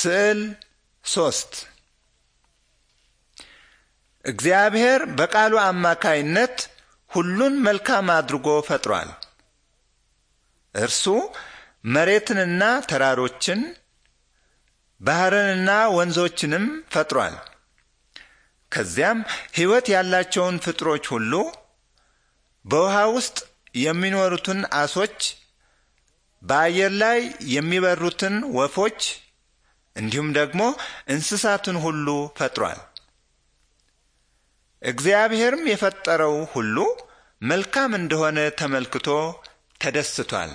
ስዕል ሶስት እግዚአብሔር በቃሉ አማካይነት ሁሉን መልካም አድርጎ ፈጥሯል። እርሱ መሬትንና ተራሮችን ባሕርንና ወንዞችንም ፈጥሯል። ከዚያም ሕይወት ያላቸውን ፍጥሮች ሁሉ በውሃ ውስጥ የሚኖሩትን አሶች፣ በአየር ላይ የሚበሩትን ወፎች እንዲሁም ደግሞ እንስሳትን ሁሉ ፈጥሯል። እግዚአብሔርም የፈጠረው ሁሉ መልካም እንደሆነ ተመልክቶ ተደስቷል።